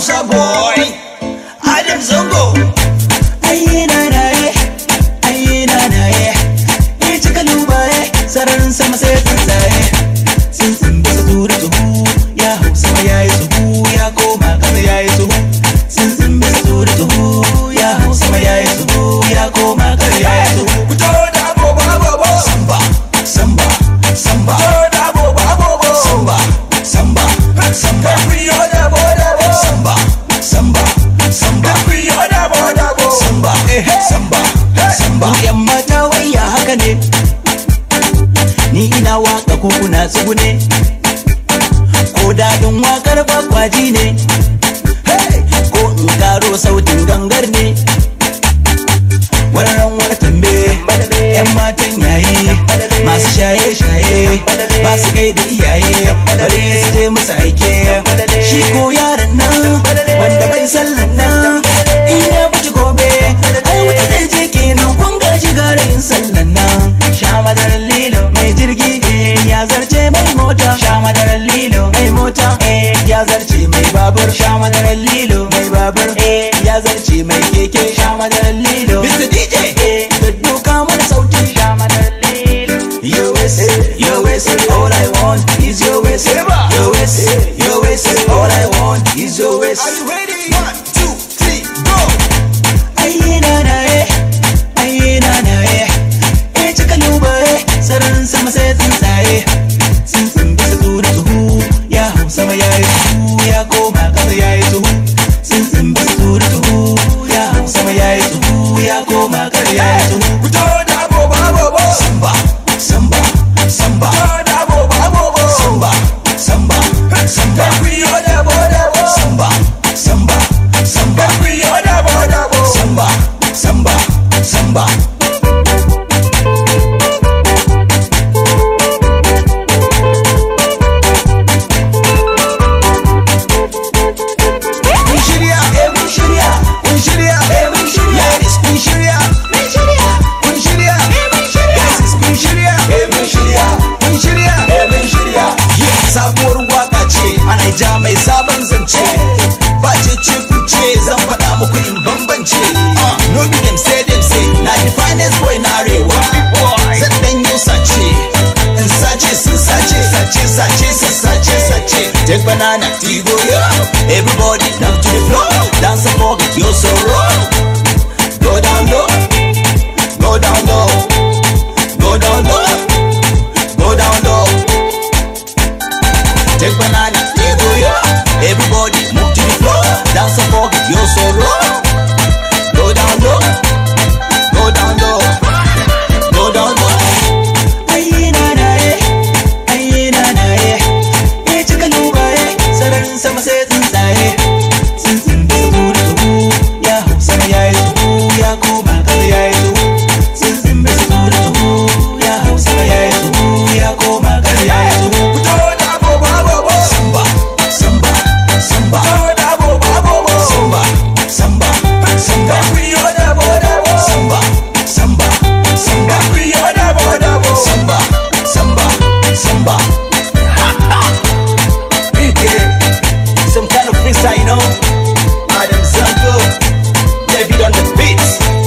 Hausa boy Adam Zongo ko tsugune ko daɗin wakar kwakwaji ne ko in karo sautin gangar ne wannan wani tambe yan matan yayi masu shaye-shaye ba su kai da iya babur sha madarar lilo mai babur eh, ya zarce mai keke sha madarar lilo Mr. DJ da eh, doka mana sauki sha madarar lilo Your waist, your waist, all I want is your waist Your waist, your waist, all I want is your waist Are you ready? Take banana, tea go, yeah. Everybody. beat on the beats.